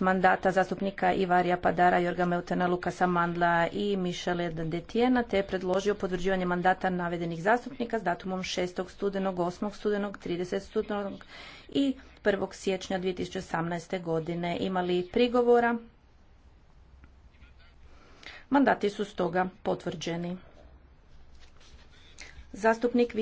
mandata zastupnika Ivarija Padara, Jorga Meutena, Lukasa Mandla i Mišele Detijena, te je predložio potvrđivanje mandata navedenih zastupnika s datumom 6. studenog, 8. studenog, 30. studenog i 1. siječnja 2018. godine. Imali prigovora? Mandati su stoga potvrđeni. Zastupnik